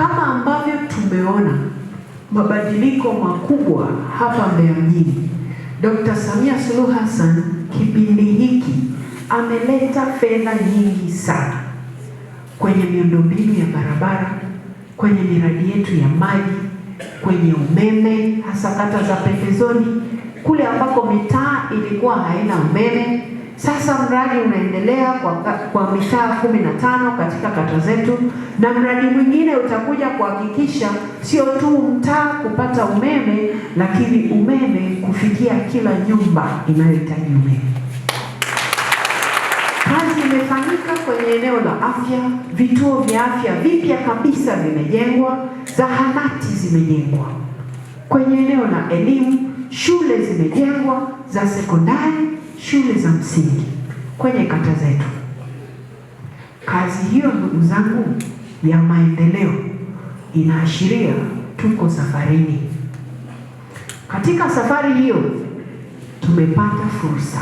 Kama ambavyo tumeona mabadiliko makubwa hapa Mbeya mjini, Dkt. Samia Suluhu Hassan kipindi hiki ameleta fedha nyingi sana kwenye miundombinu ya barabara, kwenye miradi yetu ya maji, kwenye umeme, hasa kata za pembezoni kule ambako mitaa ilikuwa haina umeme sasa mradi unaendelea kwa, kwa mitaa kumi na tano katika kata zetu, na mradi mwingine utakuja kuhakikisha sio tu mtaa kupata umeme, lakini umeme kufikia kila nyumba inayohitaji umeme. Kazi imefanyika kwenye eneo la afya, vituo vya afya vipya kabisa vimejengwa, zahanati zimejengwa. Kwenye eneo la elimu, shule zimejengwa za sekondari shule za msingi kwenye kata zetu. Kazi hiyo ndugu zangu ya maendeleo inaashiria tuko safarini. Katika safari hiyo tumepata fursa,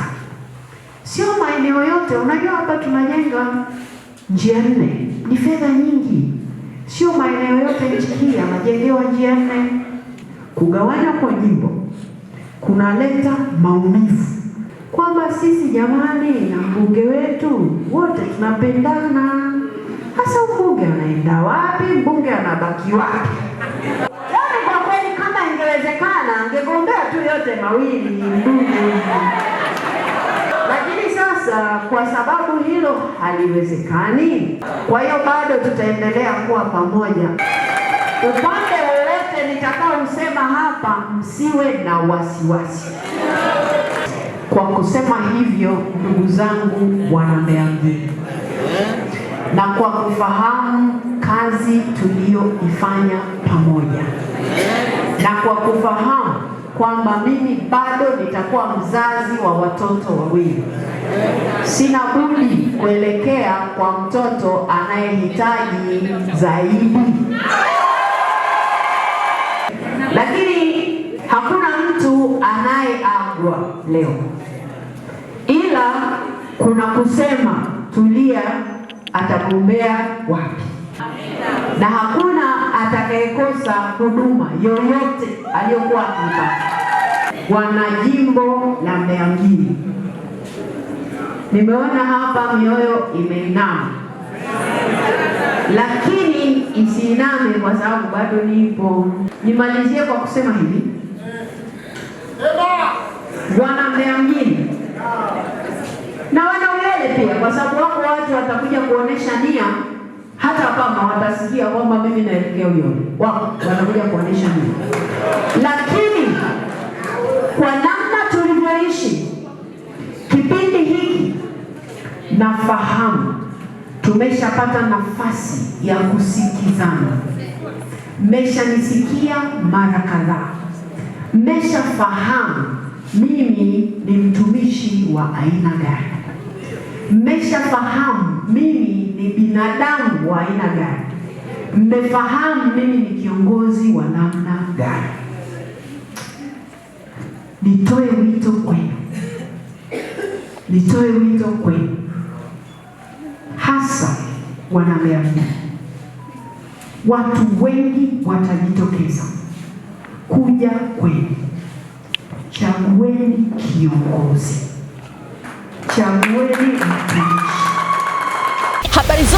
sio maeneo yote. Unajua hapa tunajenga njia nne, ni fedha nyingi, sio maeneo yote nchi hii yanajengewa njia nne. Kugawanya kwa jimbo kunaleta maumivu kwamba sisi jamani, na mbunge wetu wote tunapendana. Hasa mbunge anaenda wapi? Mbunge anabaki wapi? Yaani kwa kweli, kama ingewezekana angegombea tu yote mawili mbunge, lakini sasa kwa sababu hilo haliwezekani, kwa hiyo bado tutaendelea kuwa pamoja. Upande wowote usema hapa, msiwe na wasiwasi wasi. Kwa kusema hivyo, ndugu zangu wana Mbeya mjini, na kwa kufahamu kazi tuliyoifanya pamoja, na kwa kufahamu kwamba mimi bado nitakuwa mzazi wa watoto wawili, sina budi kuelekea kwa mtoto anayehitaji zaidi, lakini leo, ila kuna kusema Tulia atagombea wapi, na hakuna atakayekosa huduma yoyote aliyokuwa akipata. Wana jimbo la Mbeya mjini, nimeona hapa mioyo imeinama, lakini isiiname kwa sababu bado nipo. Nimalizie kwa kusema hivi wana Mbeya mjini na wana Uyole pia, kwa sababu wako watu watakuja kuonesha nia, hata kama watasikia kwamba mimi naelekea huyo wao watakuja kuonesha nia, lakini kwa namna tulivyoishi kipindi hiki, nafahamu tumeshapata nafasi ya kusikizana. Mmeshanisikia mara kadhaa, mmeshafahamu mimi ni mtumishi wa aina gani? Mmeshafahamu mimi ni binadamu wa aina gani? Mmefahamu mimi ni kiongozi wa namna gani? Nitoe wito kwenu, nitoe wito kwenu, hasa wana Mbeya mjini. Watu wengi watajitokeza kuja kwenu Chagueni kiongozi, chagueni mtu